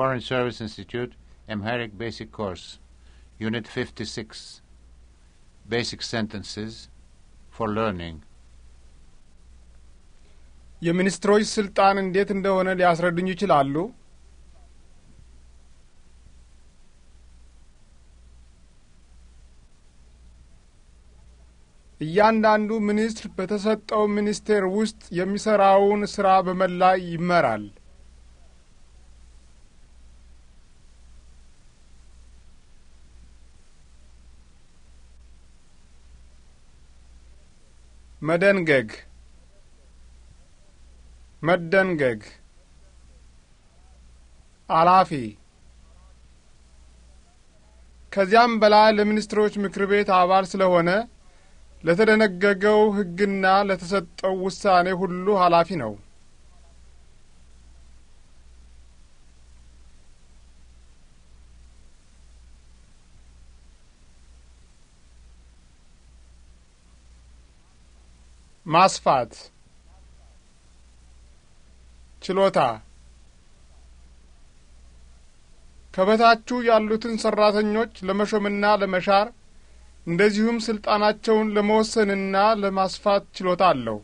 Foreign Service Institute Amharic Basic Course, Unit 56 Basic Sentences for Learning. የሚኒስትሮች ስልጣን እንዴት እንደሆነ ሊያስረዱኝ ይችላሉ? እያንዳንዱ ሚኒስትር በተሰጠው ሚኒስቴር ውስጥ የሚሰራውን ስራ በመላ ይመራል። መደንገግ መደንገግ አላፊ ከዚያም በላይ ለሚኒስትሮች ምክር ቤት አባል ስለሆነ ለተደነገገው ሕግና ለተሰጠው ውሳኔ ሁሉ ኃላፊ ነው። ማስፋት ችሎታ ከበታችሁ ያሉትን ሰራተኞች ለመሾምና ለመሻር እንደዚሁም ስልጣናቸውን ለመወሰንና ለማስፋት ችሎታ አለው።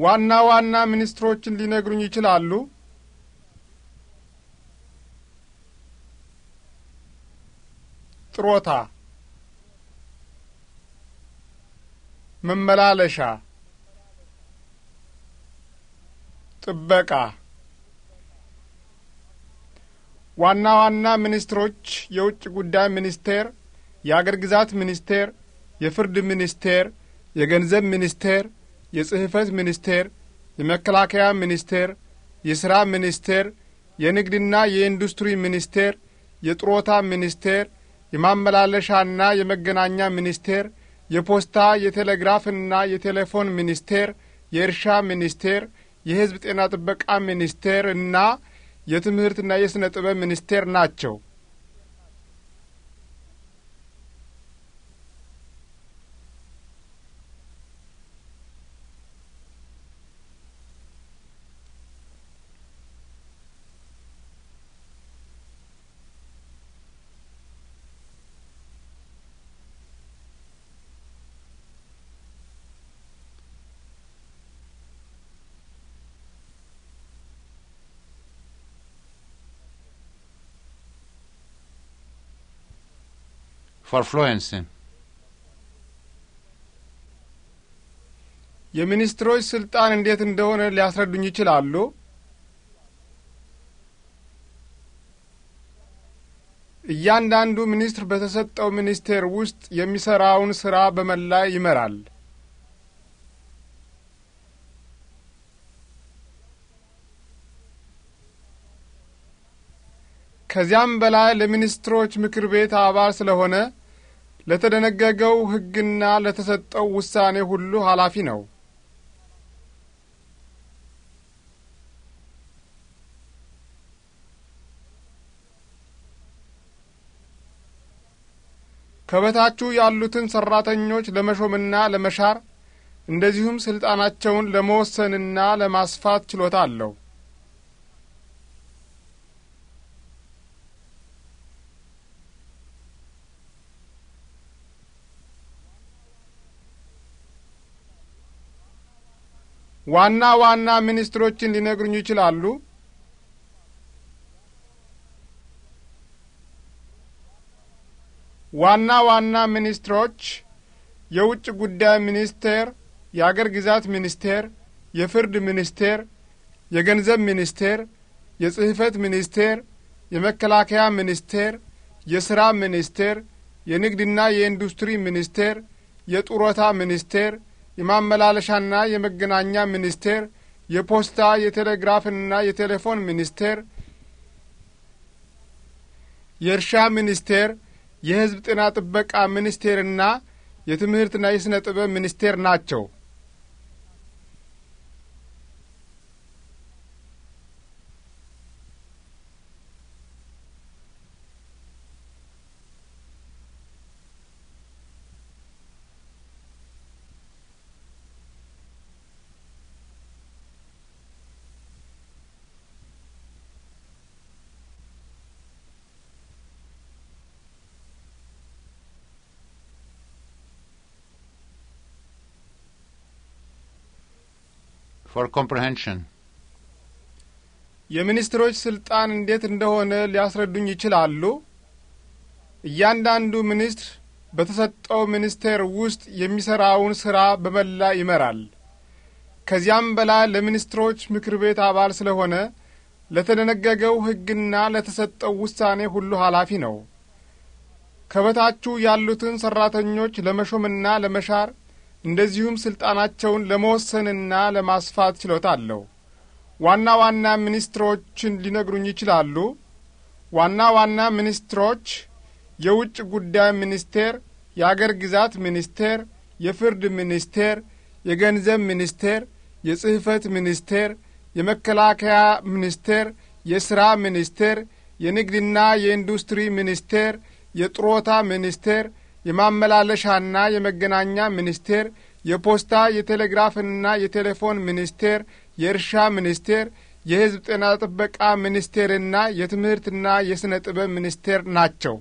ዋና ዋና ሚኒስትሮችን ሊነግሩኝ ይችላሉ? ጥሮታ መመላለሻ ጥበቃ ዋና ዋና ሚኒስትሮች የውጭ ጉዳይ ሚኒስቴር፣ የአገር ግዛት ሚኒስቴር፣ የፍርድ ሚኒስቴር፣ የገንዘብ ሚኒስቴር የጽህፈት ሚኒስቴር፣ የመከላከያ ሚኒስቴር፣ የሥራ ሚኒስቴር፣ የንግድና የኢንዱስትሪ ሚኒስቴር፣ የጥሮታ ሚኒስቴር፣ የማመላለሻና የመገናኛ ሚኒስቴር፣ የፖስታ የቴሌግራፍና የቴሌፎን ሚኒስቴር፣ የእርሻ ሚኒስቴር፣ የሕዝብ ጤና ጥበቃ ሚኒስቴር እና የትምህርትና የሥነ ጥበብ ሚኒስቴር ናቸው። Verfluense የሚኒስትሮች ስልጣን እንዴት እንደሆነ ሊያስረዱኝ ይችላሉ? እያንዳንዱ ሚኒስትር በተሰጠው ሚኒስቴር ውስጥ የሚሰራውን ስራ በመላ ይመራል። ከዚያም በላይ ለሚኒስትሮች ምክር ቤት አባል ስለሆነ ለተደነገገው ሕግና ለተሰጠው ውሳኔ ሁሉ ኃላፊ ነው። ከበታችሁ ያሉትን ሠራተኞች ለመሾምና ለመሻር እንደዚሁም ሥልጣናቸውን ለመወሰንና ለማስፋት ችሎታ አለው። ዋና ዋና ሚኒስትሮችን ሊነግሩኝ ይችላሉ? ዋና ዋና ሚኒስትሮች የውጭ ጉዳይ ሚኒስቴር፣ የአገር ግዛት ሚኒስቴር፣ የፍርድ ሚኒስቴር፣ የገንዘብ ሚኒስቴር፣ የጽህፈት ሚኒስቴር፣ የመከላከያ ሚኒስቴር፣ የስራ ሚኒስቴር፣ የንግድና የኢንዱስትሪ ሚኒስቴር፣ የጡረታ ሚኒስቴር የማመላለሻና የመገናኛ ሚኒስቴር፣ የፖስታ የቴሌግራፍና የቴሌፎን ሚኒስቴር፣ የእርሻ ሚኒስቴር፣ የሕዝብ ጤና ጥበቃ ሚኒስቴርና የትምህርትና የሥነ ጥበብ ሚኒስቴር ናቸው። for comprehension የሚኒስትሮች ስልጣን እንዴት እንደሆነ ሊያስረዱኝ ይችላሉ? እያንዳንዱ ሚኒስትር በተሰጠው ሚኒስቴር ውስጥ የሚሰራውን ስራ በመላ ይመራል። ከዚያም በላይ ለሚኒስትሮች ምክር ቤት አባል ስለሆነ ለተደነገገው ሕግና ለተሰጠው ውሳኔ ሁሉ ኃላፊ ነው። ከበታችሁ ያሉትን ሰራተኞች ለመሾምና ለመሻር እንደዚሁም ስልጣናቸውን ለመወሰንና ለማስፋት ችሎታ አለው። ዋና ዋና ሚኒስትሮችን ሊነግሩኝ ይችላሉ? ዋና ዋና ሚኒስትሮች የውጭ ጉዳይ ሚኒስቴር፣ የአገር ግዛት ሚኒስቴር፣ የፍርድ ሚኒስቴር፣ የገንዘብ ሚኒስቴር፣ የጽሕፈት ሚኒስቴር፣ የመከላከያ ሚኒስቴር፣ የሥራ ሚኒስቴር፣ የንግድና የኢንዱስትሪ ሚኒስቴር፣ የጥሮታ ሚኒስቴር የማመላለሻና የመገናኛ ሚኒስቴር፣ የፖስታ የቴሌግራፍና የቴሌፎን ሚኒስቴር፣ የእርሻ ሚኒስቴር፣ የሕዝብ ጤና ጥበቃ ሚኒስቴርና የትምህርትና የሥነ ጥበብ ሚኒስቴር ናቸው።